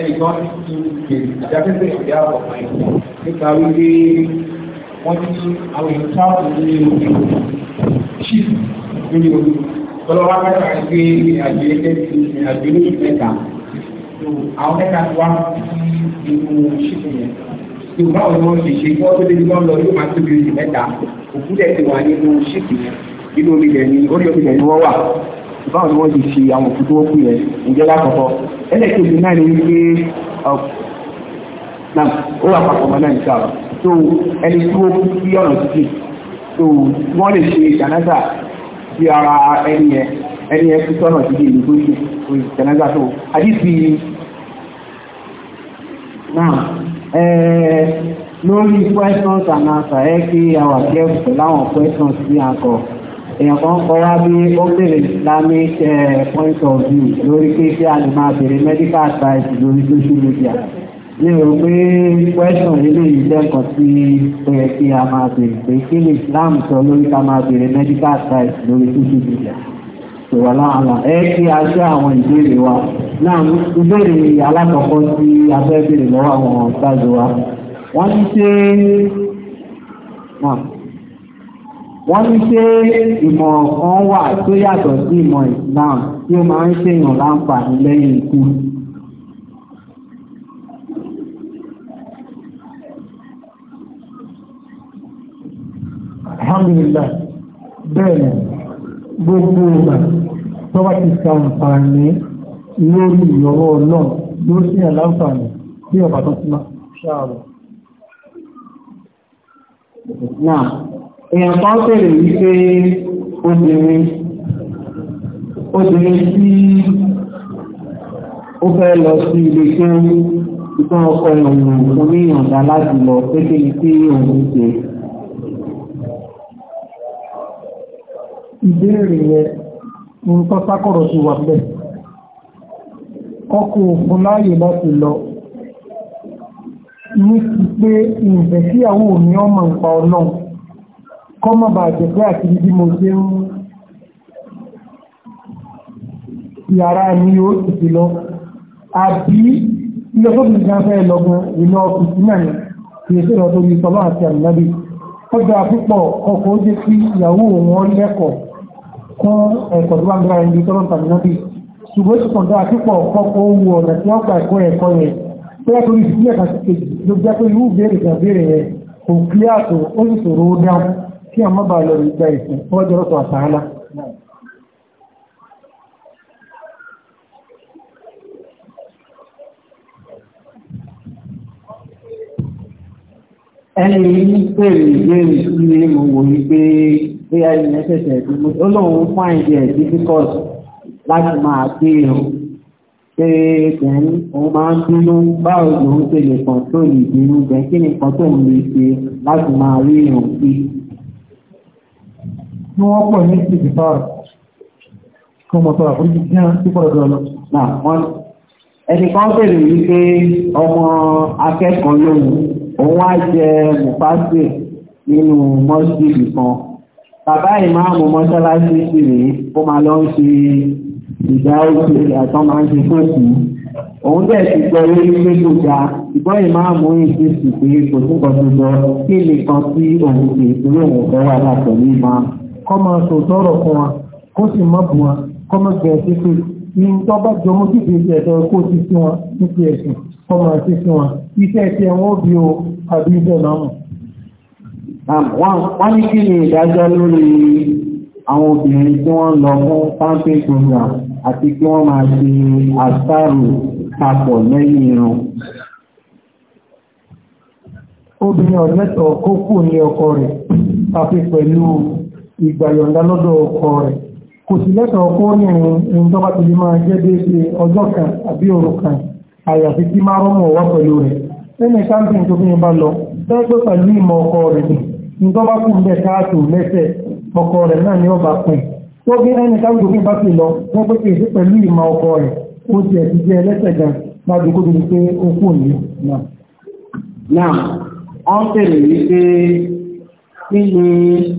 ẹnìkan ti ti ìdáfẹ́fẹ́ ìdá ọ̀pọ̀ ẹ̀ nípa wípé wọ́n ti àwọn èèyàn táàbù ní orí chief lórí orí tọ́lọ́wọ́ mẹ́ta gbé ìrìnàjò ẹgbẹ́ ti ìrìnàjò lórí mẹ́ta àwọn mẹ́ta wá sí inú chief yẹn tí o báwo ni wọ́n ṣe ṣe kí wọ́n tó débi wọ́n lọ yóò máa tóbi oṣù mẹ́ta òkú dẹ̀ ti wà nínú chief yẹn nínú orí rẹ̀ ni orí orí rẹ̀ ni wọ́n wà báwo ni wọ́n ti ṣe àwọn òkú tó wọ́n kú yẹn ǹjẹ́ lákọ̀ọ́kọ́ ẹlẹ́kejì náà ni wípé ó wà papọ̀ mọ́ náà nìkan so ẹni tí ó kú sí ọ̀nà títì so wọ́n lè ṣe jànáza sí ara ẹni yẹn ẹni yẹn kú sọ́nà títì ìlú tó ṣe jànáza tó àdìsí náà lórí questions and answers ẹ kí a wà kẹ́ẹ̀kù pẹ̀lú questions tí a kọ̀ èèyàn kan kọ wá bí ó bèèrè islamic point of view lórí pé kí a lè máa bèèrè medical advice lórí social media ní o pé question ilé ìjẹ́kọ̀ọ́ tí ó yẹ kí a máa bèèrè pé kí ni islam sọ lórí ká máa bèèrè medical advice lórí social media ìwà láàlá ẹ kí a ṣe àwọn ìbéèrè wa náà ìbéèrè alákọ̀ọ́kọ́ tí a fẹ́ bèèrè lọ́wọ́ àwọn ọ̀sáàjò wa wọ́n ti ṣe wọ́n ní ṣé ìmọ̀ kan wà tó yàtọ̀ sí ìmọ̀ Islam tí ó máa ń ṣèyàn láǹfààní lẹ́yìn ikú. alhamdulillah bẹ́ẹ̀ gbogbo ọgbà tó bá ti ṣàǹfààní lórí ìyọ̀wọ́ ọlọ́run ló ṣèyàn láǹfààní bí ọ̀bà tó ti máa ṣáà rọ̀ èèyàn kan pèrè wípé obìnrin obìnrin tí ó fẹ́ lọ sí ilé tó ìtàn ọkọ ìrìnà fún ní ìyọ̀nda láti lọ pété tí òun ṣe ìbéèrè yẹn ní pátákọ̀rọ̀ ti wà bẹ́ẹ̀ ọkọ̀ òfin láàyè láti lọ ní ti pé ìfẹ́ sí àwọn òní ọmọ ìpa ọlọ́run kọ́ mọ́ bá jẹ̀fẹ́ àti ibi mo ṣe ń yàrá ní ó ti fi lọ àbí ilé tó ti gan fẹ́ lọ́gbọ́n iná ọkùnrin náà ni kì í sọ̀rọ̀ tó ní sọlọ́ àti àmìlábì ọjọ́ àpúpọ̀ ọkọ̀ ó jẹ́ kí ìyàwó wọn lẹ́kọ̀ọ́ kún ẹ̀kọ́ tó bá ń gbára ẹni tọ́lọ́ tàbínábì ṣùgbọ́n ó ti kàn dá àpúpọ̀ ọkọ̀ ó wu ọ̀nà tí wọ́n gbà ẹ̀kọ́ ẹ̀kọ́ yẹn bẹ́ẹ̀ torí ìdílé kan ti kejì ló jẹ́ pé irú ìbéèrè kan béèrè yẹn kò kílíà tó ó sì ṣòro ó dáhùn kí a má bàa lọ rí gba ìsìn wọ́n jẹ́ rọ́tọ̀ àtàhálà ẹni ní pèrè ìbéèrè ní mo wò ní pé bí a yìí ẹsẹ̀sẹ̀ ìdúró ó lóun fáìndì ẹ̀ difficult láti máa gbé o pé bẹ́ẹ̀ òun máa ń bínú báwo lòun ṣe lè kàn tó lè bínú bẹ́ẹ̀ kí ni kan tóun lè ṣe láti máa rí ìrùn ní wọ́n pọ̀ ní ìgbìfàrà kí wọ́n tọ́ra fún ìgbìyànjú jẹ́ púpọ̀ lọ́dọ̀ lọ. ẹnìkan bèèrè wípé ọmọ akẹ́kọ̀ọ́ lóhun òun á jẹ mùfásì nínú mọ́sílì kan bàbá ìmáàmù mọ́sálásí sì rèé ó máa lọ ń ṣe ìdá òkè àtọ́ máa ń ṣe fọ́ọ̀tì òun bẹ́ẹ̀ ti gbọ́ lórí pé kò já ìgbọ́ ìmáàmù yìí ti sì pé kò tún kọ́ tó lọ kí nìkan tí òun kì í torí òun fẹ́ wà látọ̀ ní ìmáàmù kọ́ máa sòótọ́ ọ̀rọ̀ fún wa kó sì má bù wa kọ́ máa bẹ̀rẹ̀ sí pé ní tó bá jọ mú sí ìgbésẹ̀ ẹ̀dọ́ kó ti sí wọn ní ti ẹ̀sìn kọ́ máa sí sí wọn iṣẹ́ ti ẹ̀wọ̀n bí o àbí iṣẹ́ náà wọ́n ní kí ni ìdájọ́ lórí àwọn obìnrin tí wọ́n lọ fún pampe program àti kí wọ́n máa ṣe àṣàrò papọ̀ lẹ́yìn irun obìnrin ọ̀lẹ́tọ̀ kó kù ní ọkọ rẹ̀ tàbí pẹ̀lú ìgbàyọ̀ǹda lọ́dọ̀ ọkọ rẹ̀ kò sí lẹ́tọ̀ọ́ ọkọ ní ẹ̀rin tó bá ti lè máa jẹ́ déédéé ọjọ́ kan àbí òru kan àyàfi kí máa rọ́mọ̀ wá pẹ̀lú rẹ̀ lẹ́nu kámpìn tó fi ń bá lọ bẹ́ẹ̀ pé pẹ̀lú ìmọ̀ ọkọ rẹ̀ ni tó bá kún bẹ́ẹ̀ káàtó lẹ́sẹ̀ ọkọ rẹ̀ náà ni ó bá pẹ̀ tó bí ẹni kámpìn tó fi bá ti lọ wọ́n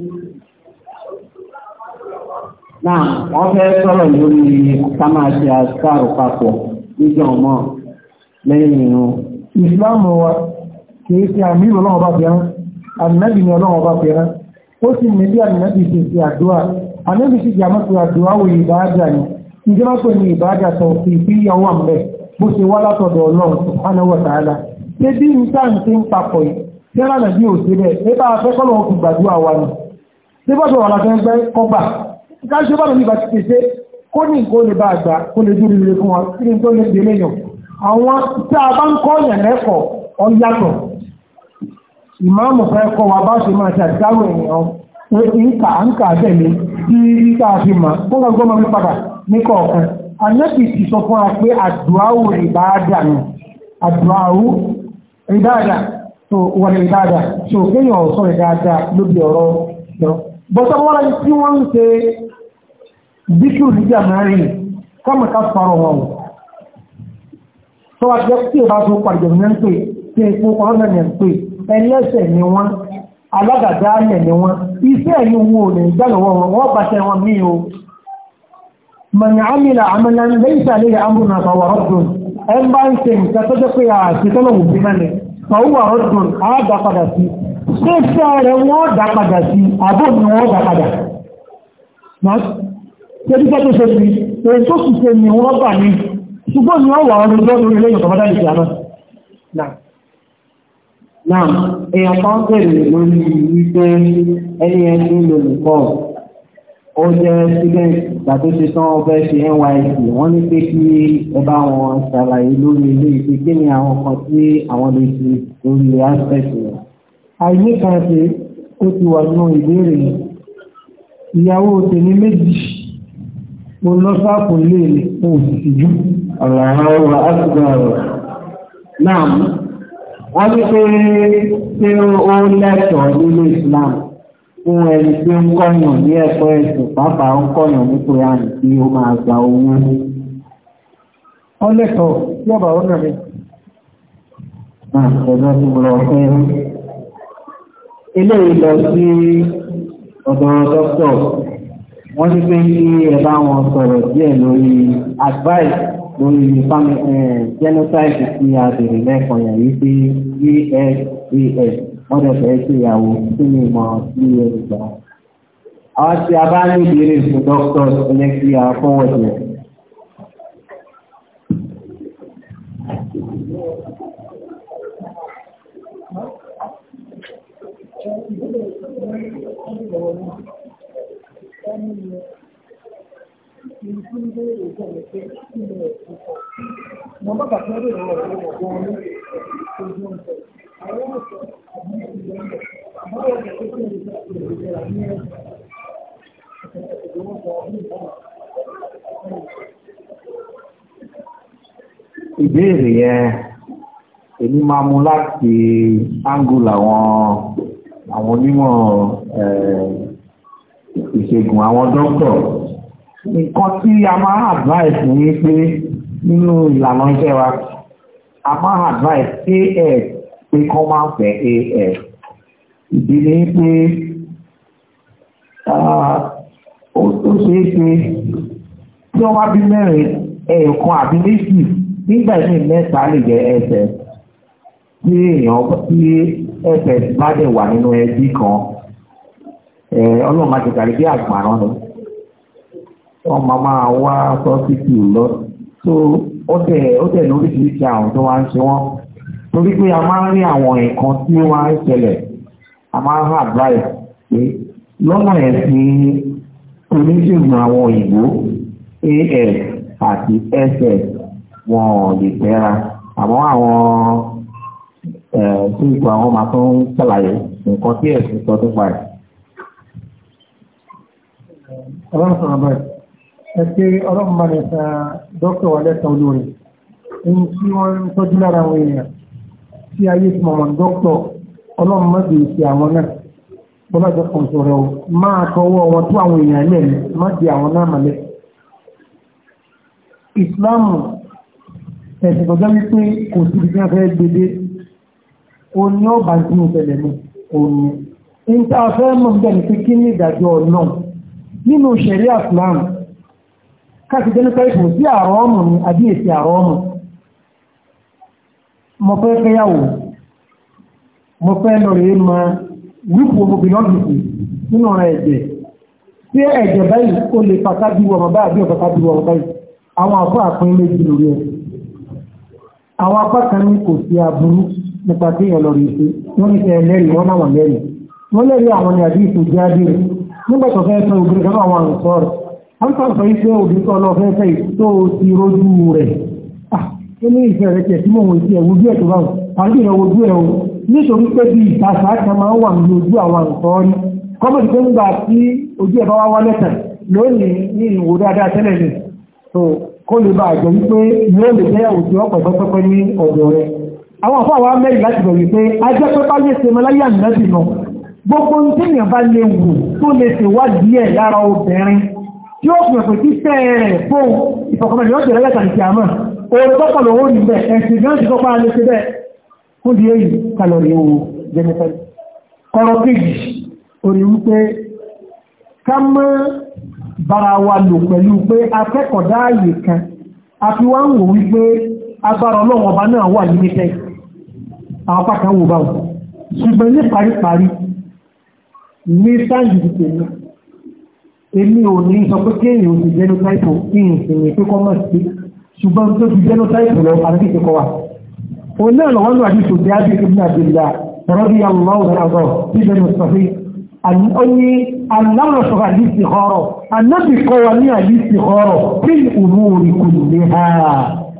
náà wọ́n fẹ́ sọ̀rọ̀ lórí àtàmáṣe àṣàrò papọ̀ níjọ ọmọ lẹ́yìn irun. ìsìláàmù wa kìí ṣe àmì ọlọ́run bá bẹ̀rẹ̀ ànábì ni ọlọ́run bá bẹ̀rẹ̀ ó sì ní bí ànábì ṣe ṣe àdúrà ànábì sì jẹ́ àmọ́sọ àdúrà wò ìbáàdà ni ìjọba pè ní ìbáàdà sọ fi ìpínyàwó àmì bó ṣe wá látọ̀dọ̀ ọlọ́run subhanahu wa ta'ala ṣé bí n tá n ṣe ń papọ̀ yìí ṣé rànà bí òṣèlè ẹ bá afẹ́kọ́ lọ́wọ́ fi gbàdúrà wa ni ṣé bọ́dọ̀ wà láfẹ́ gbẹ́ káṣí bá lórí ìbàtí pèsè kó ní nǹkan lè bá àgbà kó lè dúró lè fún wa kí ni tó lè dé léyàn àwọn tí a bá ń kọ́ yàn lẹ́kọ̀ọ́ ọ̀yàtọ̀ ìmáàmù fẹ́ kọ́ wa bá ṣe máa ṣe àdárò ènìyàn pé nǹka nǹka tẹ̀lé bí nǹka fi mà kó kàn gbọ́n máa fi padà ní kọ̀ọ̀kan anẹ́kì ti sọ fún wa pé àdùáwò ìbáadà ni àdùáwò ìbáadà tó wọlé ìbáadà tó kéèyàn sọ̀rọ̀ dáadáa lóbi ọ̀rọ̀ lọ bọ́tọ́ wọ́n ti wọ́n ń ṣe bíkú ìjà mẹ́rin kọ́mọ̀ ká sọ̀rọ̀ wọn o tó wá jẹ́ tí o bá tó pàdé ní ń pè tí epo ọ̀nà ní ń pè ẹlẹ́sẹ̀ ni wọ́n alágàdá ayẹ̀ ni wọ́n iṣẹ́ ẹ̀yìn wo lè gbà lọ́wọ́ wọn wọ́n bá tẹ wọn mí o mọ̀nà ámìlà àmìlà ń lẹ́yìn sàlẹ̀ àmúnà àwọ̀rọ̀ dùn ẹ ń bá ń ṣe nǹkan tó jẹ́ pé àṣetọ́lọ̀ wò sí mẹ́lẹ̀ àwọ̀rọ̀ Tẹ́lifẹ́ tó ṣe fi, èyí tó sì ṣe ni wọ́n bà ní, ṣùgbọ́n ni wọ́n wà wọn lọ́dọ́ lórí ilé ìyọ̀tọ̀ bọ́dá ìjà náà. Náà, èèyàn kan bẹ̀rẹ̀ lórí wípé ẹni ẹni lòlùkọ́, ó jẹ́ student ìgbà tó ṣe tán ọbẹ̀ ṣe NYSC, wọ́n ní pé kí ẹ bá wọn ṣàlàyé lórí ilé ìpè kí ni àwọn kan tí àwọn lè ṣe lórí aspect rẹ̀. Àìní kan ṣe ó ti wà nínú ìbéèrè ìyàwó tèmi méjì mo lọ sáàpù ilé mi mo sì sì jú ọ̀rọ̀ àtìgbọ̀rọ̀ náà wọ́n ní pé pé ó lẹ́tọ̀ọ́ nílé Islam fún ẹni tí ń kọ́yàn ní ẹ̀kọ́ ẹ̀sùn pàápàá ń kọ́yàn ní kòránì tí ó máa gba owó ó lẹ́tọ̀ọ́ tí ọ̀bà ó nà mí ẹ̀gbọ́n tí mo lọ ilé ìlọ sí ọ̀dọ̀ dókítà wọ́n ti pé kí ẹ bá wọn sọ̀rọ̀ díẹ̀ lórí advice lórí genocide tí a bèrè lẹ́kọ̀ọ́ yẹn wípé usas e wọ́n dẹ̀ fẹ́ ṣe ìyàwó kí ni ìmọ̀ràn sí ẹ gbà. àwọn tí a bá ní ìbéèrè fún dókítà ẹlẹ́kìá fọwọ́dì Ìbéèrè yẹn, èmi máa mú láti ángùl àwọn àwọn onímọ̀ ìṣègùn àwọn dókítà. Nǹkan tí a máa advice ní pé nínú ìlànà iṣẹ́ wa a máa advice af pé kọ́ máa fẹ́ af ìdí ni pé ó ṣe é ṣe tí wọ́n bá bí mẹ́rin ẹ̀ẹ̀kan àbí méjì nígbà ní mẹ́ta lè jẹ́ ẹsẹ̀ tí èèyàn tí ẹsẹ̀ bá dẹ̀ wà nínú ẹbí kan ọlọ́run máa ti kàrí bí àgbàrán ni wọ́n máa máa wá sọ́sítì lọ́sí so ó tẹ̀ ó tẹ̀ lóríṣiríṣi àwọn tó wá ń ṣe wọ́n torí pé a máa ń rí àwọn nǹkan tí ó máa ń ṣẹlẹ̀ a máa ń advice pé lọ́nà ẹ̀sìn oníṣègùn àwọn òyìnbó as àti ss wọn ò lè tẹ́ra àmọ́ àwọn tí ipò àwọn máa tó ń ṣàlàyé nǹkan tí ẹ̀sìn sọ nípa ẹ̀. ọlọ́run sọ̀rọ̀ báyìí ẹgbẹ́ ọlọ́run bá lè sa dókítà wà lẹ́sàn olóore ẹni tí wọ́n ń tọ́jú lára àwọn èèyàn tí ayé ti mọ̀mọ́ dókítà ọlọ́run má bèèrè sí àwọn náà bọ́lá jẹ́ sọ̀rọ̀ o máa tọwọ́ wọn tó àwọn èèyàn lẹ́nu má di àwọn náà mọ̀lẹ́ ìsìláàmù ẹ̀sìn tọ́jọ́ wípé kò síbi tí fẹ́ gbede o ní ọ̀bà tí mo tẹ̀lẹ̀ mi òun ní. ní ta fẹ́ mọ̀ bẹ́ẹ̀ ni pé kí ní ìdájọ́ náà nínú ṣẹ̀ríà káàkì jẹ́ nípa ìpò sí àrọ́ ọmọ mi àbí èsì àrọ́ ọmọ mo fẹ́ fẹ́yàwó mo fẹ́ lọ rèé ma wípò obìnrin ọ̀gbìnkì nínú ọ̀rọ̀ ẹ̀jẹ̀ tí ẹ̀jẹ̀ báyìí ó lè pàtà bí wọ́n bá àbí ọ̀pàtà bí wọ́n báyìí àwọn àpá àpín méjì lórí ẹ̀ àwọn apá kan ní kò sí aburú nípa tí èèyàn lọ rèé wọ́n ní kẹ́ lẹ́rìí wọ́n náà lẹ́rìí wọ́n lẹ́rìí àwọn ní àbí ìtòjáde nígbà tó fẹ́ sọ obìnrin kan náà àwọn sọ̀rọ̀ wọ́n tọ́ sọ iṣẹ́ òbítọ́ lọ fẹ́fẹ́ tó ti rójú rẹ̀ ah, nínú ìfẹ́ rẹ̀ tẹ̀ tí mò ń ti ẹ̀wù bí ẹ̀tọ́ báwọn àti ìrẹ̀wò ojú o nítorí pé bí ìtàṣà kan máa ń wà ní ojú àwọn àǹtọ́ rí kọ́mọ̀tì pé ńgbà tí ojú ẹ̀ bá wá wálẹ̀ tàn lónìí ní ìwò dáadáa tẹ́lẹ̀ ni tó kó lè bá àjọ wípé yóò lè jẹ́ òjò ọ̀pọ̀ pẹ́pẹ́pẹ́ ní ọ̀dọ̀ rẹ̀ àwọn àfọ àwọn amẹ́rin láti bẹ̀rẹ̀ pé ajẹ́ pé bá lè ṣe mọ́láyà nínú gbogbo ohun tí tí ó fi ọ̀pẹ̀ títẹ́ rẹ̀ fóun ìfọ̀kànlẹ̀ yóò jẹ̀rẹ̀ lẹ́ta ìkì àmà oòrùn tọ́pọ̀lọ̀ oòrùn ìbẹ̀ ẹ̀sìn náà ti tọ́pá alẹ́ sí bẹ́ẹ̀ fún di èyí kalọ̀rì ewu jẹ́nifẹ́ kọ́rọ̀ kejì orí wípé ká mọ́ bara wa lò pẹ̀lú pé akẹ́kọ̀ọ́ dáàyè kan àti wá ń wò wípé agbára ọlọ́run ọba náà wà nílẹ̀ àwọn pàtàkì wò báwọn ṣùgbọ́n ní paríparí ní sáǹdì tèmi èmi ò ní sọ pé kéèyàn ti genotype ìyìn ìsinmi pé kọ́ mọ̀ sí ṣùgbọ́n tó ti genotype lọ àti ìṣẹ́kọ̀ wa òun náà lọ́wọ́ lọ́wọ́ àti ìṣòdì àti ìṣòdì àbìlà ọ̀rọ̀ bí àwọn ọ̀rọ̀ àgọ́ tí bẹnu sọ pé ó ní aláwọ̀ sọ̀rọ̀ àdìsí ọ̀rọ̀ anábì kọ́ wa ní àdìsí ọ̀rọ̀ kí ìlú orí kò lè ha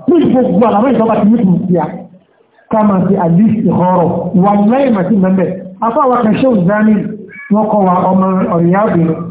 ní gbogbo àlàmọ́ ìjọba ti mú sí a ká máa fi àdìsí ọ̀rọ̀ wà láì màtí mẹ́mẹ́ afáwọn kan ṣé òun dání kọ́ wa ọmọ ọ̀rẹ́yà obìnrin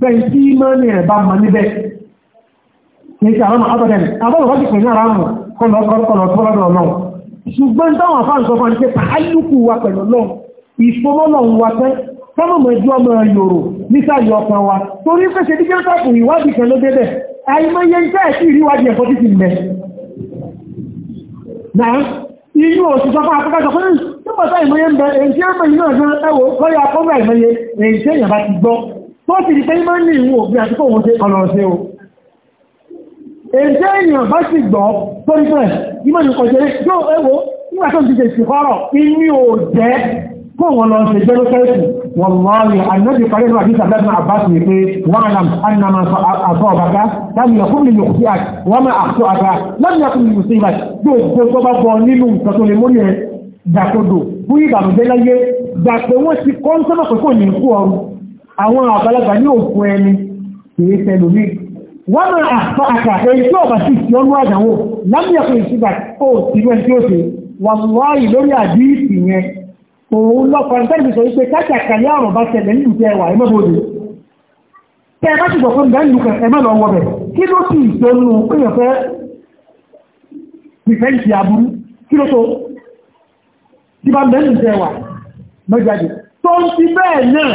bẹ́ẹ̀ tí máa ní ẹ̀bá ma níbẹ̀ ní ti àwọn àbọ̀dẹ̀ àbọ̀dẹ̀ wọ́n ti pè ní ara wọn kọlọ̀kọlọ̀ tó lọ́dọ̀ ọlọ́run ṣùgbọ́n táwọn afáà sọ fún ṣe pàálùkù wa pẹ̀lú ọlọ́run ìfọmọ́lọ́run wa pẹ́ fọ́nà mọ̀jú ọmọ yòrò nísàlẹ̀ ọkàn wa torí pẹ́ṣẹ́ dígbẹ́ sọ́kù ìwádìí kan ló débẹ̀ àìmọye ń tẹ́ẹ̀ sí ìríwádìí ẹ̀kọ́ títí mẹ́ náà inú òṣìṣọ́ fún akẹ́kọ̀ọ́ pé nígbàtá ìmọye ń bẹ èyí tí ó mọ̀ inú ọ̀sán ẹwọ́ kọ́yà kọ́mọ̀ ìmọye èyí tí èèyàn bá ti gbọ́ tó sì rí pé ìmọ̀ ní ìwò bí àti kòwò ṣe ọ̀nà ṣe o èdè èèyàn bá sì gbọ́ tó rí pé ìmọ̀ ní kọjẹ́rẹ́ yóò ẹwọ́ nígbà tó ti ṣe ìṣìkọ́rọ̀ inú ò jẹ́ kó wọn lọ ṣe jẹ́rú kẹ́ẹ̀kì wọn lọ́ọ̀rì ànábì parí ìlú àdísà bẹ́ẹ̀ máa bá sí pé wọ́n àlàm ànàmà àtọ́ ọ̀bàká láti yẹ̀kún mi yòkú sí àt wọ́n máa àtọ́ àgá láti yẹ̀kún mi yòkú sí ìbàt gbogbo tó bá bọ nínú nǹkan tó lè mú yẹn dàkodò fún ìbànújẹ́ láyé dàpé wọ́n ti kọ́ ń sọ́nà pé kò ní kú ọrùn àwọn àgbàlagbà ní òkú ẹni kìí sẹ́lò mí wọ́n máa àfà àkà èyí tí ọ̀bà sí ti ọlú àdánwò lámìyàkùn ìṣúgbà ó ti rẹ̀ tí ó ṣe wà wáyì lórí àdíìsì yẹn òun lọ́kọ̀ ìtẹ́lẹ̀ sọ wípé káàkiri àrùn bá ṣẹlẹ̀ ní ìjẹ ẹwà ẹmọ́bòdì tẹ́ ẹ bá ti gbọ̀kọ́ ìdá ìlú ẹmọ́ lọ wọ́bẹ̀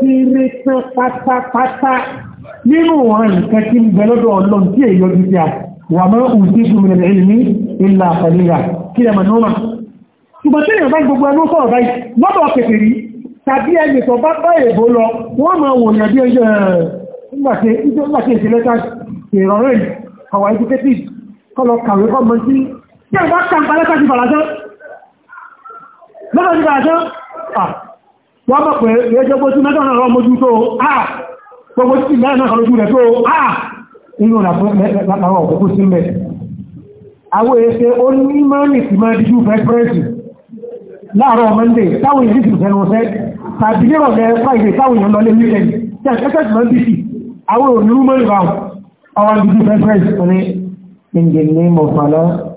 kiri tán pátápátá nínú wọn nǹkan tí ń bẹ lọ́dọ̀ ọlọ́run tí èyí ọdún sí a wà mọ́ òun tí ìṣù mìíràn èyí ní ilà àpàlẹ́yà kí ẹmà ní ó máa ṣùgbọ́n tí èèyàn bá gbogbo ẹnu sọ̀rọ̀ báyìí lọ́dọ̀ kẹfẹ́ rí tàbí ẹni tó bá bá èèbó lọ wọ́n máa wò yàn bí ẹyẹ nígbàtí ìṣẹ̀lẹ̀ ká ìrọ̀rẹ́ kọ̀wà educated kọlọ kàwé kọmọ sí tí ẹ̀ bá wọ́n mọ̀ pé ẹjọ́ gbójú mẹ́ta náà mọ́jú tó àà ah! gbogbo tí mẹ́rin náà lójú rẹ̀ tó àà ah! inú làwọn òkúkú sí mẹ́ àwọn èsẹ onímọ̀rìn ti máa díjú fẹ́fẹ́rẹ́sì láàárọ̀ mọ́ndé táwọn èyí sì fẹ́ràn fẹ́ tàbí in the name of Allah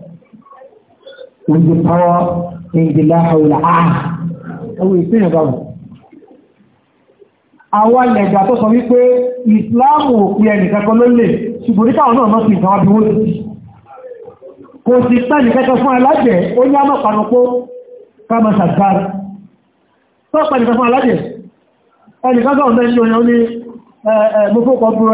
with the power in the law of Allah àwọn èsẹ yẹn báwọn àwọn ilẹ̀ ìgbà tó sọ wípé ìsìláàmù òpin ẹnìkẹ́kọ́ ló lè ṣùgbọ́n ní káwọn náà mọ́ sí ìtàwọn abíwó sí kò sí tẹ́lì kẹ́kẹ́ fún alájẹ̀ ó ní àmọ́ panupó káàmà sàgbára tó pẹ̀lú fún alájẹ̀ ẹnìkẹ́kọ́ ọ̀dẹ́ ní oyan ní mọ́fókọ̀ búrọ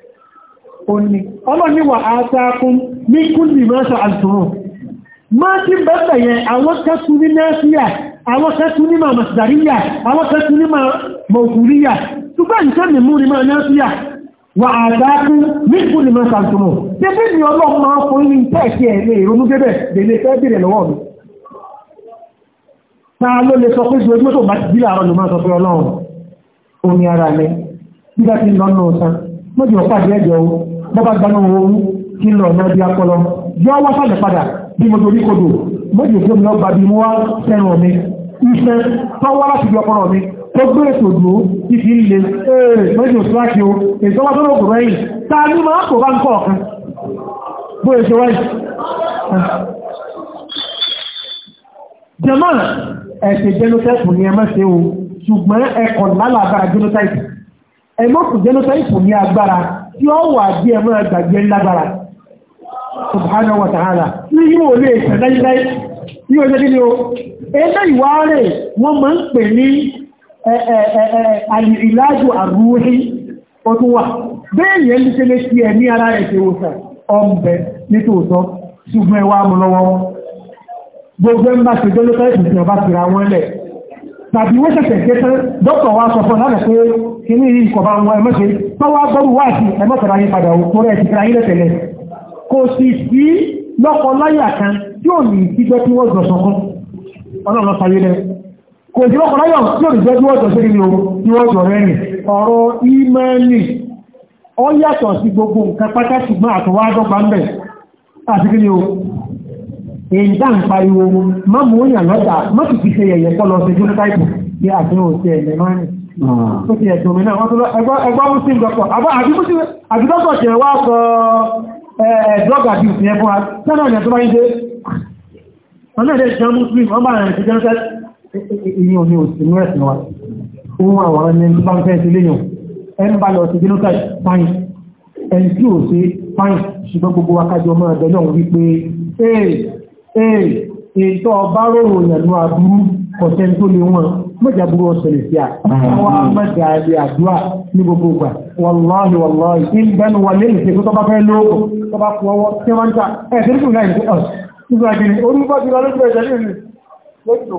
òní ọlọ́niwà àtàkùn ní kúlì mọ́sà àtùrùn máa tí bẹ́ẹ̀ yẹn àwọn kẹtù ní nẹ́ẹ̀síyà àwọn kẹtù ní máa masdariya àwọn kẹtù ní máa mọ̀kúríyà ṣùgbọ́n nǹkan ní mú ní máa nẹ́ẹ̀síyà wà àtàkùn ní kúlì mọ́sà àtùrùn tẹ́bí ni ọlọ́run máa fún ní tẹ́ẹ̀kì ẹ̀ lè ronú débẹ̀ lè fẹ́ bèrè lọ́wọ́ mi táà ló lè sọ pé ju ojú tó bá ti dílé àwọn olùmọ̀ sọ pé ọlọ́run omi ara rẹ̀ nígbà tí ń lọ́nà ọ̀sán mọ́jọ́ pàdé ẹ̀jọ̀ ohun bọ́bá gbaná ooru kí lọ lọ́dí akọlọ yọ wá sálẹ̀ padà bí mo torí kodò mọ́jì tó mi lọ́gbà bí mo wá fẹ́ràn mi iṣẹ́ tó wá láti bí ọpọlọ mi tó gbé ètò dùn ti fi ń le ẹ̀ẹ́rẹ̀ mọ́jì ò síwájú o ètò wá tó lọ́kùnrin yìí ta ní máa kò bá ń kọ̀ ọ̀kan bó èso wáyé jẹmọ́ ẹ̀sẹ̀ genotype ní ẹmọ́ ṣe o ṣùgbọ́n ẹkọ̀ lálàgbára genotype ẹmọ́kù genotype ní agbára tí ó wà bí ẹ mọ́ ẹgbàgbé lágbára subhanahu wa ta'ala ní yíò lè ṣẹ̀ láíláí ní ọjọ́ kí o ó ẹgbẹ́ ìwà rẹ̀ wọ́n máa ń pè ní àìrìnlájò àrúhí ọdún wà bẹ́ẹ̀ yẹn ní ṣe lè fi ẹ̀mí ara rẹ̀ ṣe wòsà ọmọbẹ nítòótọ́ ṣùgbọ́n ẹwà mú lọ́wọ́ gbogbo ń bá ṣe jọ́ lókẹ́ ìṣẹ̀ṣẹ̀ ọba fìra wọn lẹ̀ tàbí wọ́n ṣẹ̀ṣẹ̀ jẹ́ ọ kìíní yìí kọ̀ bá wọn ẹmọ́ṣe tó wá gbọ́rù wá sí ẹmọ́sọ̀rọ̀ ayé padà òkú rẹ̀ ti ra ilẹ̀ tẹ̀lẹ̀ kò sì sí lọ́kọ̀ láyà kan tí ò ní gbígbẹ́ tí wọ́n jọ sọ̀kan ọlọ́run sayé lẹ kò sí lọ́kọ̀ láyà tí ò ní gbẹ́ tí wọ́n jọ sí nínú tí wọ́n jọ rẹ̀ rìn ọ̀rọ̀ ìmẹ́lì Tó ah. ti ẹ̀dùn mi náà, wọ́n tó lọ ẹgbọ́ Muslim doctor. Àbí doctor kẹ̀ wá sọ drug abuse yẹn fún wa, tẹ́lẹ̀ ọ̀nà tó máa ń dé. Wọ́n náà dẹ̀ jẹ́ Muslim, wọ́n bá rẹ̀ ti jẹ́ ìyẹn òní òsì ní ẹ̀sìn wa. Ohun àwọn ẹni tó bá ń fẹ́ sí léyìn, ẹn bá lọ sí genocide fine, ẹni tí ò sí fine, ṣùgbọ́n gbogbo wákàtí ọmọ ẹ̀dẹ́ náà wípé, ee, ee, ètò ọba rọrùn ìyànú àbúrú kọ̀tẹ́ tó lé wọn mọ́jà burú ọ̀sẹ̀ lè fi à wọ́n á mọ́jà àlè àdúrà ní gbogbo ìgbà wàláhì wàláhì ìbẹ̀nu wà lè ṣe tó bá fẹ́ lóòkù tó bá fún ọwọ́ tí wọ́n ń ta ẹ̀ẹ́dẹ́ nínú náà ìṣẹ́ ọ̀sẹ̀ nígbà gini orúkọ ti lọ lójú ẹ̀jẹ̀ nínú lójú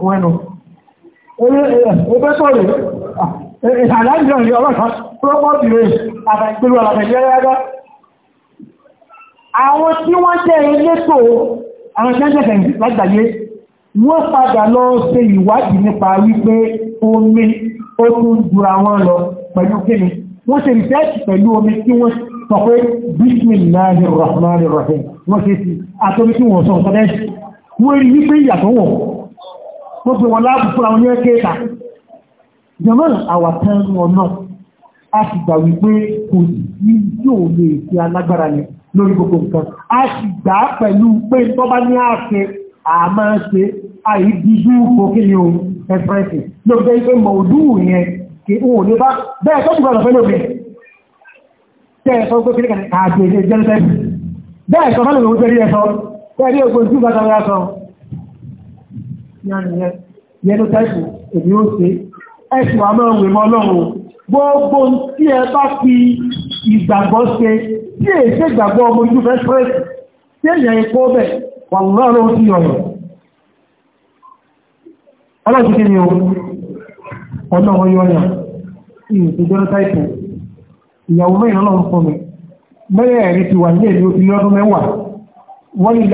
òun ẹnu ẹgbẹ́ sọ̀rọ̀ ìhàlájọ́ ìrìn ọ̀rọ̀ kan púrọ́pọ̀tì àwọn tí wọ́n jẹ́ wọ́n padà lọ ṣe ìwádìí nípa wípé omi ó tún jura wọn lọ pẹ̀lú kíni wọ́n ṣe rìsẹ́ẹ̀tì pẹ̀lú omi tí wọ́n sọ pé bismillahir rahmanir rahim wọ́n ṣe sí àtọ́bí tí wọ́n sọ ọ̀sọ́dẹ́sì wọ́n rí wípé ìyàtọ̀ wọ̀ wọ́n pè wọn láàbù fúra wọn ní ẹ́kẹ́ta jọmọ́ àwàtán wọn náà a ti gbà wípé kò sí yóò lè ṣe alágbára yẹn lórí gbogbo nǹkan a ti gbà pẹ̀lú pé tọ́ba ní àṣẹ àmá ṣe àìdíjú òkèlè ohun ẹ̀fẹ́sì ló jẹ́ ipé mọ̀ọ̀dú yẹn kí o ní bá bẹ́ẹ̀ tó ti gbọ́dọ̀ fẹ́ lóbi tẹ́ ẹ̀sọ́ pé kíríkà ní àjèjì jẹ́lẹ́sẹ̀ bẹ́ẹ̀ sọ fẹ́lẹ̀ òun tẹ́rí ẹ̀sọ́ tẹ́rí ogun tí bàtà wẹ́ sọ yẹnu tẹ́sù èmi ó ṣe ẹ̀sù àmọ́ òwe mọ́ ọlọ́run gbogbo tí ẹ bá fi ìgbàgbọ́ ṣe tí èsè ìgbàgbọ́ ọmọ ojú fẹ́ fẹ́ tí èèyàn ikọ́ bẹ́ẹ̀ wọ́n lọ́rọ̀ sí ọ̀rọ̀ ọlọ́sìkí ni ọlọ́wọ́ yọ́yà ìrìnṣẹ́jọ́ táìpù ìyàwó mẹ́rin ọlọ́run fún mi mẹ́rin ẹ̀rí ti wà ní èdè òfin lọ́dún mẹ́wàá wọ́n ni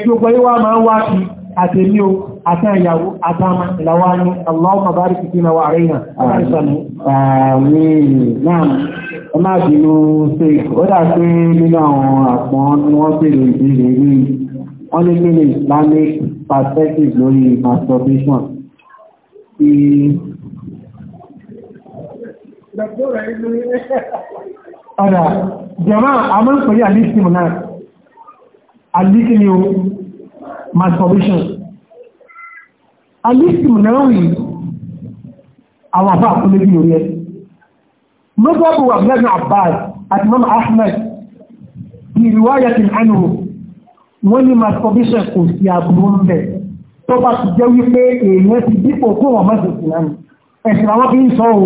tí ó gbọ́ yíwá máa ń wá àtẹ̀mí o àtẹ́ ìyàwó àtàmà ìlàwà ní Allahumma barik fina wa alaina àmín náà ẹ máa bínú ṣe ó dà pé nínú àwọn àpọ́n ní wọ́n bèèrè ìbéèrè ní wọ́n Islamic perspective lórí masturbation ti ọ̀dà jẹ́mọ́ àmọ́ ìpẹ̀lẹ̀ àlísìmọ̀ náà àlísìmọ̀ masturbation alísìmù náà rí àwọn àfá àkúlé bí orí ẹ mọ́sọ́bù abúlẹ́gbẹ̀ abbas àti mọ́mà ahmed bí ìrìwáyà tí hànú wọ́n ní masturbation kò sí àbúrú ń bẹ̀ tó bá ti jẹ́ wípé èèyàn ti dípò kó wọ́n mọ́sù sí náà ẹ̀sìn àwọn fi ń sọ o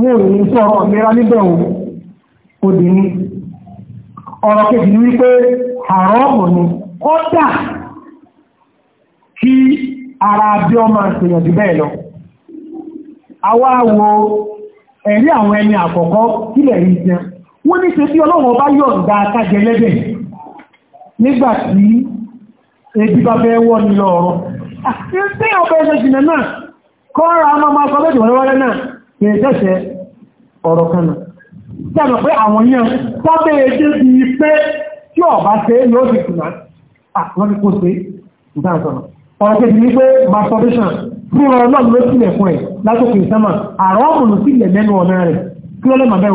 wọ́n ò ní sọ̀rọ̀ ìlera níbẹ̀ o òdì ni ọ̀rọ̀ kejì ní wípé àrọ́ ọ̀pọ̀ ni kọ́dà ara bí ọmọ àṣèyàn jù bẹ́ẹ̀ lọ àwa wo ẹ̀rí àwọn ẹni àkọ́kọ́ kílẹ̀ rí jẹun wọ́n ní ṣe bí ọlọ́wọ́ bá yọ̀ǹda kájẹ lẹ́bẹ̀ nígbà tí ebi bá bẹ́ wọ́ ní lọ́ọ̀rọ̀ ah, tí ọ̀pẹ́ ẹ̀ṣẹ̀ jìnà náà kọ́ra ọmọ ọmọ ọkọ̀ méjì wọ́lẹ́wọ́lẹ́ náà kì í ṣẹ̀ṣẹ̀ ọ̀rọ̀ kan náà sẹ́nu pé ọ̀rọ̀ kejì ní pé masturbation fún ọ̀rọ̀ náà ló sílẹ̀ fún ẹ̀ látòkè ìsámà àrọ́ ọ̀mùnù sílẹ̀ lẹ́nu ọ̀nà rẹ̀ kí ló lẹ́mà bẹ́ẹ̀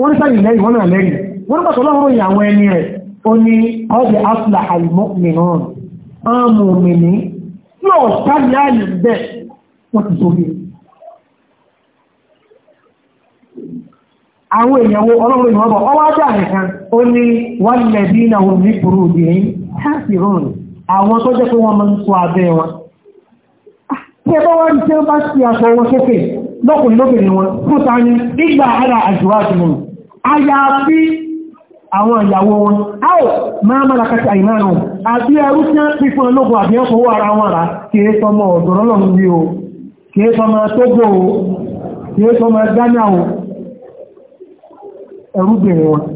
wọ́n sáyìn lẹ́yìn wọ́n náà lẹ́yìn wọ́n lọ́wọ́ ẹni rẹ̀ ó ní afla sáyìn láàyè bẹ́ẹ̀ wọ́n ti sóbi àwọn èèyàn ọlọ́run bọ̀ ọwọ́ ajá nìkan ó ní wọ́n lẹ̀ bí náà wọ́n ní kúrò àwọn tó jẹ́ pé wọ́n máa ń sọ abẹ́ wọn tẹ́ bá wọ́n tí wọ́n bá sí àpọ̀ wọn sókè lọ́kùnrin lóbìnrin wọn fún ta ní nígbà ara a jùmọ̀ àyàfi àwọn ìyàwó wọn áò máa máa lákàtà ìmárùn àti ẹrú tí wọ́n pín fún àbí ọkọ̀ owó ara wọn rà o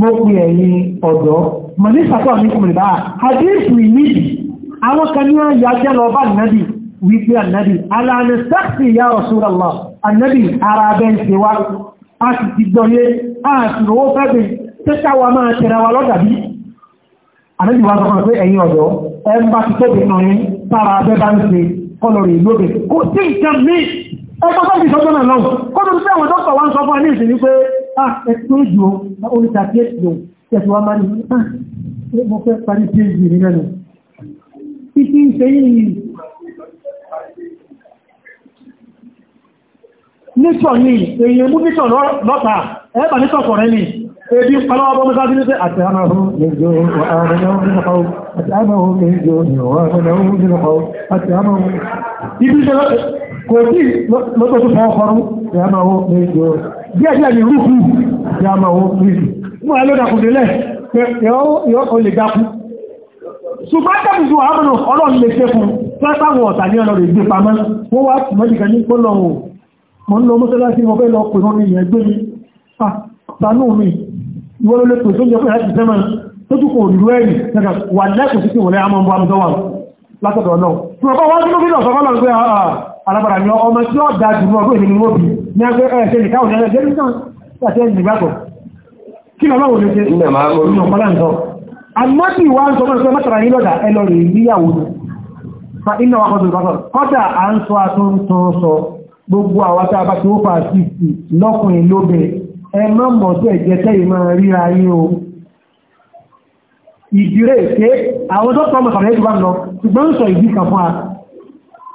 mo pè ẹ̀yin ọ̀dọ́ mọ̀ ní sàtọ̀ ní kùnrin bá àdéhùn ìníbi àwọn kan ní wọ́n yà jẹ́ lọ bá nàbì wípé ànàbì aláàrin sáàkì ya Rasulullah ànàbì ara abẹ́ ń ṣe wá a sì ti gbọ́yé a sì rówó fẹ́bẹ̀ tẹ́ta wa máa tẹ̀ra wa lọ́dàbí ànàbì wa sọ pé ẹ̀yin ọ̀dọ́ ẹ ń ẹ̀kọ́ ìjò oríta tí èsìlò tẹ̀síwá máa ní ah, mo fẹ́ parí péjì ní mẹ́nu títí ṣe yìí nítọ̀ ní èyàn mú nítọ̀ lọ́ta ẹ̀ẹ́bà nítọ̀ kọ̀rẹ́ ni ebi palọ́wọ́ bọ́ mọ́sájú ní pé àti àmàrún lèjò ààrẹ náà nínú ọ̀pọ̀ àti àmàrún lèjò ààrẹ náà nínú ọ̀pọ̀ àti àmàrún kò sí lọ́tọ̀ tó fọ́ ọkọrú ìyàmàwó méjì ó díẹ̀ díẹ̀ ní rúkú ìyàmàwó méjì mú ẹ ló dàkùn délẹ̀ yóò lè dákú ṣùgbọ́n tẹ́bùsù àmúnù ọlọ́run lè ṣe fún sáàtàwọn ọ̀tà ní ọlọ́rẹ̀ ìgbé pamọ́ wọ́n wá mọ́jìká ní pọ́lọ̀wọ̀ mọ́ ń lọ mọ́sálásí wọ́n fẹ́ lọ pè wọ́n ní ìyẹn gbé ní àtànú mi ah, ìwọ́n ló lè pè tó ń jẹ́ pé láti sẹ́mọ̀ tó tún kò rú ẹ̀yìn nígbà wà lẹ́kùn sí kí wọ́n lẹ́ alábàrà ni ọmọ tí ó dá jù lọ́gbọ́ ìdí ni wọ́n bí ní agbẹ́ ẹ̀ẹ́sẹ̀ nìkan òní ẹgbẹ́ nìkan láti ẹni ìgbàgbọ́ kí lọ́wọ́ wò lè ṣe ní ọ̀pọ̀lá nǹkan àmọ́ tí ń sọ mọ́ mọ́tàrà yìí lọ́dà ẹ lọ níyàwó ni fa àwọn tó tọ́ mọ̀ sàrẹ́ ìdúbà lọ ṣùgbọ́n ń sọ ìdí kan fún wa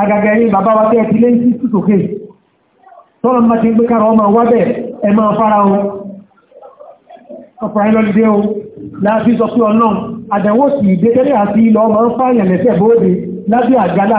agagari ẹ̀yìn bàbá wa tẹ́ ti lé sí sókè tọ́lọ ma ti ń gbé kára ọmọ wábẹ̀ ẹ máa fara o ọ̀pàá ìlọ́lẹ́dẹ́ o láti sọ pé ọ̀nà àdẹ̀wò sì ìdẹ́tẹ́lẹ̀ àti ilọ̀ ọmọ ń fàyàn lẹ́sẹ̀ bóòdè lábẹ́ àgbàlá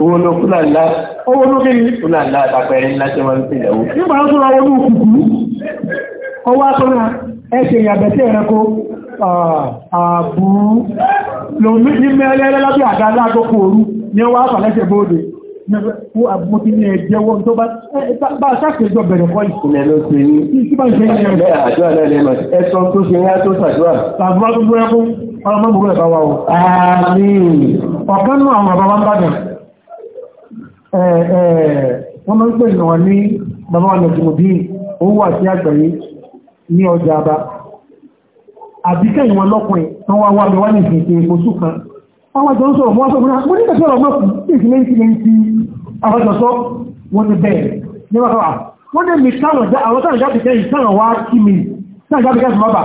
owó ló kú làlá owó ló kí kú làlá àtàpẹ̀rẹ̀ ńlá tí wọ́n ń pè lẹ́wọ́. nígbà tó ra owó kùkú ọwọ́ atọ́nà ẹ̀ṣẹ̀ ìyàbẹ̀tẹ̀ ẹranko ààbù lòmí ní mẹ́lẹ́lẹ́ lábẹ́ àga aláàtọ́kù òru ní ọwọ́ àfàlẹ́sẹ̀ bóde fún àbúkí ní ẹjẹ́wọ́ tó bá sáàkèjọ bẹ̀rẹ̀ kọ́ ìsìnlẹ̀ ló ti rí ìsìnbá ìṣẹ́ ìrìnlẹ̀ àjọ́ alẹ́lẹ́mọ̀ ẹ̀sọ́n tó ṣe yá tó sàdúrà tàbí wá tó búrẹ́kún ọlọ́mọ́ búrẹ́ bá wà ó wọ́n máa ń pè náà ní bàbá alẹ́gbòmòdí ó wà sí àgbáyé ní ọjà àbá àbíkẹ́ ìwọ̀n lọ́kùnrin tó wá wá lọ́wọ́ nìsìn ṣe oṣù kan àwọn jọ ń sọ̀rọ̀ wọ́n sọ̀rọ̀ mọ́ ní kẹsọ̀rọ̀ mọ́ fún ìsìnlẹ̀ ìsìnlẹ̀ ti àwọjọsọ́ wọn ni bẹ́ẹ̀ ní wọ́n kọ́wà ah, wọ́n ní mìtánà àwọn tánà jáde kẹ́ ìtánà wá kí mi tánà jáde kẹ́ ìsìn bàbà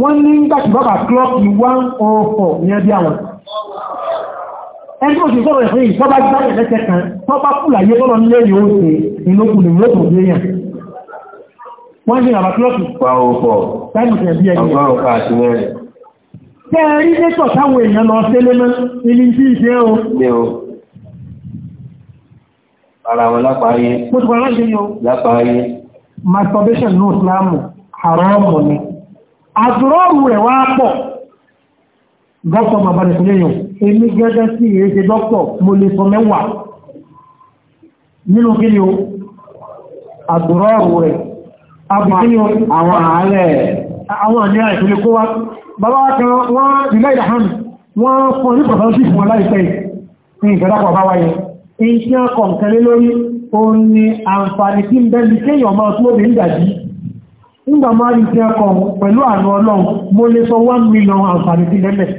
wọ́n ní gbàtí bàbà clock ní 104 ní ẹbí àwọn ẹgbẹ́ òṣù sọ̀rọ̀ ìfẹ́ ìfọ́bá gbáyẹ̀ lẹ́tẹ̀ kan tọ́bá kùlà yé tọ́lọ nílé yóò ṣe ìlókùnlé yóò tó gbé yàn wọ́n ṣe àbá kílọ́pù pàwọ̀pọ̀ táìmù tẹ̀ bí ẹni tẹ́ rí nẹ́tọ̀ táwọn èèyàn lọ sí lé mọ́ ilé tí ìṣẹ́ o ara wọn lápáyé lápáyé masturbation ní ìsìlámù àrọ́ọ̀mù ni àdúrọ́ọ̀mù rẹ̀ wá pọ̀ gọ́ọ̀pọ̀ màbánisílẹ̀ yòó èmi gẹ́gẹ́ sí èyí ṣe mo lè sọ mẹ́wàá nínú o àgbòrò ọ̀rọ̀ rẹ̀ àwọn ààrẹ àwọn àníyàn ìpínlẹ̀ kó wá bàbá kan wọ́n ilẹ̀ ìdáhàn wọ́n fún ní pọ̀sánṣì fún aláìpẹ́ ní ìgbẹ́dàpọ̀ bá pẹ̀lú ọlọ́run mo lè sọ 1 million lẹ́lẹ̀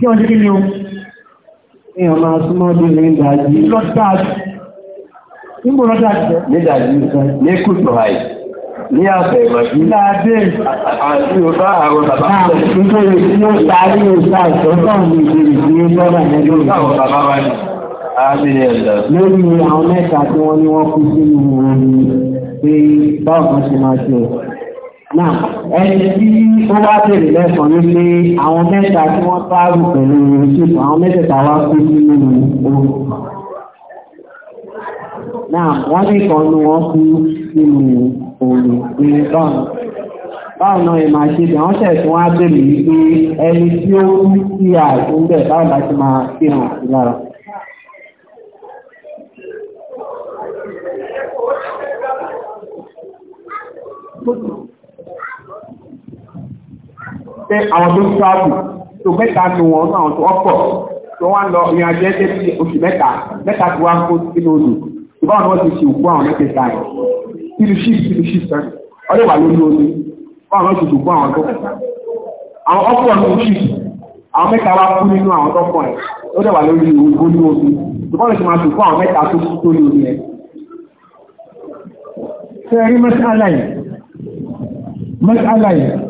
kí wọ́n kí ni o ní ọmọ súnmọ́dé ní ìdájí nígbò lọ́dájí nídájí ní kùtù àì ní àfẹ́ ìwọ̀dí láàdé àti ọba àwọn bàbá nítorí tí ó sáré ìṣà ìṣọ́gbọ́n ní ìbìrì ní lọ́rà nílò àwọn bàbá wá ní lórí àwọn mẹ́ta tí wọ́n ní wọ́n kú sínú orin pé báwọn ṣe máa ṣe Náà, ẹni tí ó wá tèrè lẹ́sàn nílé àwọn mẹ́ta tí wọ́n sáàrù pẹ̀lú ìrìnṣìp àwọn mẹ́tẹ̀ta wá kú nínú oòrùn. Náà, wọ́n ní kan ní wọ́n kú nínú oòrùn ìrìnṣàn. Báwọn náà ìmà ṣe bí wọ́n tẹ̀ tí wọ́n á tèrè wípé ẹni tí ó kú sí àìsúnbẹ̀ báwọn bá ti máa fi hàn sí pé àwọn tó ń sáàbù tó mẹ́ta ni wọ́n náà tó ọ̀pọ̀ tó wá ń lọ ìrìn àjò ẹsẹ̀ sí oṣù mẹ́ta mẹ́ta tó wá ń kó sínú odò ìbá wọn ti ṣe òkú àwọn mẹ́tẹ̀ẹ̀ta rẹ̀ sínú ṣíìsì sínú ṣíìsì rẹ̀ ọdún wà lórí omi wọn lọ ti ṣòkú àwọn tó kẹta àwọn ọ̀pọ̀ ní ṣíìsì àwọn mẹ́ta wá kú nínú àwọn tó kàn ẹ̀ ó dẹ̀ wà lórí ogun ní omi ìbọn ti máa ṣòkú àwọn mẹ́ta tó kú tó lórí ẹ̀. ṣe rí mẹ́sàlá yìí mẹ́sàlá yìí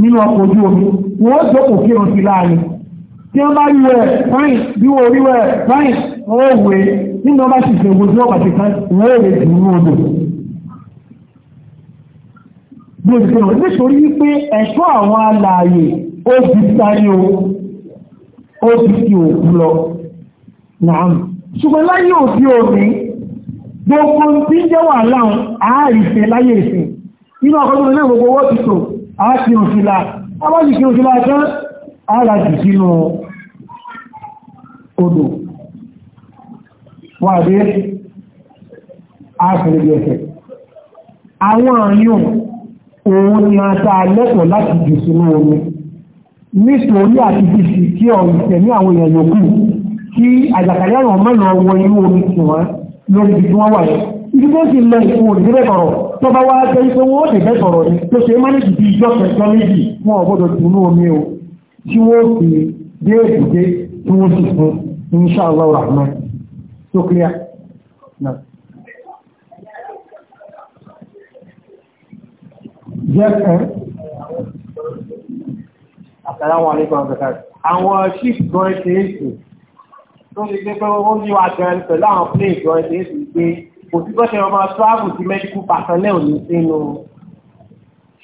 nínú ọkọ̀ ojú omi wọ́n jókòó kí wọ́n ti láàrin tí wọ́n bá rí rẹ̀ fáìn bí wọ́n rí rẹ̀ fáìn wọ́n wé nínú ọba sì ṣe ojú ọkọ̀ ti kan wọ́n èrè jù odò bí o ti fi nítorí wípé ẹ̀ṣọ́ àwọn alààyè ó ti sáré o ó ti fi òkú lọ nàám ṣùgbọ́n láyé òbí omi gbogbo tí ń jẹ́ wàhálà àárín ìfẹ́ láyé ìfẹ́ nínú ọkọ̀ tó ní a ti òfìlà abájì kí òfìlà tán ara jù sínú odò wà dé a fèrè bí ẹsẹ̀ àwọn àyùn òun ni a ta lẹ́kọ̀ọ́ láti jù sínú omi nítorí àti fífi kí ọ̀rọ̀ ìtẹ̀mí àwọn èèyàn yòókù kí àjàkálẹ̀ àwọn ọmọ náà wọ inú omi tì wọ́n lórí ibi tí wọ́n wà yẹn ibi tó sì lọ ìfún òdìdẹ́bẹ̀ tọ̀rọ̀ tó bá wá jẹ́ ipé wọ́n ó dìbẹ́ sọ̀rọ̀ ní tó ṣe mánéjì bí ìjọ kẹjọ méjì wọn ọgbọ́dọ̀ túnú omi o tí wọ́n fi dé èbùdé tí wọ́n sì fún inṣàlá rahman tó clear náà yes tó ní pé wọ́n ní wà gan pẹ̀lú àwọn plane gan ṣe é kò sí bọ́ṣẹ̀ ọmọ travel sí medical personnel ní sínú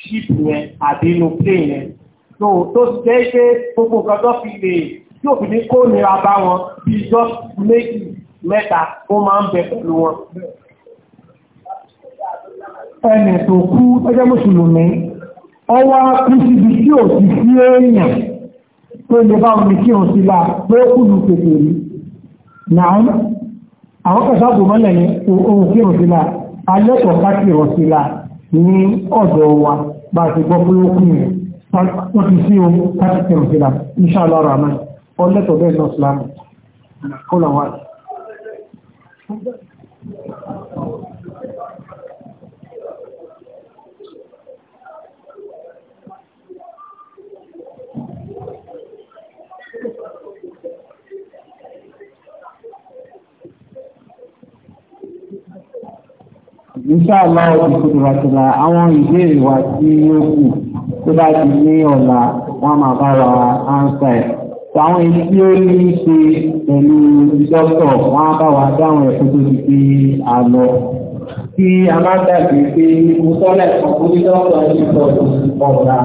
ship yẹn àbí inú plane yẹn tó tó ti jẹ́ pé gbogbo nǹkan tó fi lè tí òfin ní kó nira bá wọn bí ijọ́ méjì mẹ́ta ó máa ń bẹ pẹ̀lú wọn. ẹnì tó kú ẹjẹ́ mùsùlùmí ọwọ́ kú síbi tí ò ti sí èèyàn tó lè bá omi kí òun sí la pé ó kùnú kékeré náà àwọn kan sábò mọ́lẹ̀ ní ohun tí ìrọ̀sí la alẹ́kọ̀ọ́ káàkiri ìrọ̀sí la ní ọ̀dọ̀ wa bá a ti gbọ́ pé ó kú yẹn wọ́n ti sí ohun káàkiri ìrọ̀sí la inṣàlá ọlẹ́tọ̀ bẹ́ẹ̀ náà sùlámù kó Inshallah ọdún tó wà tí wà àwọn ìbéèrè wa tí ó kù tó bá ti ní ọ̀la wọ́n máa bá wa áńsà ẹ̀. Àwọn èyí tí ó ní ṣe pẹ̀lú dókítà wọ́n á bá wa dáhùn ẹ̀kọ́ tó ti fi àlọ́. Kí a má dàgbé pé mo sọ́lẹ̀ kan fún dókítà ní ìtọ́jú ọ̀la.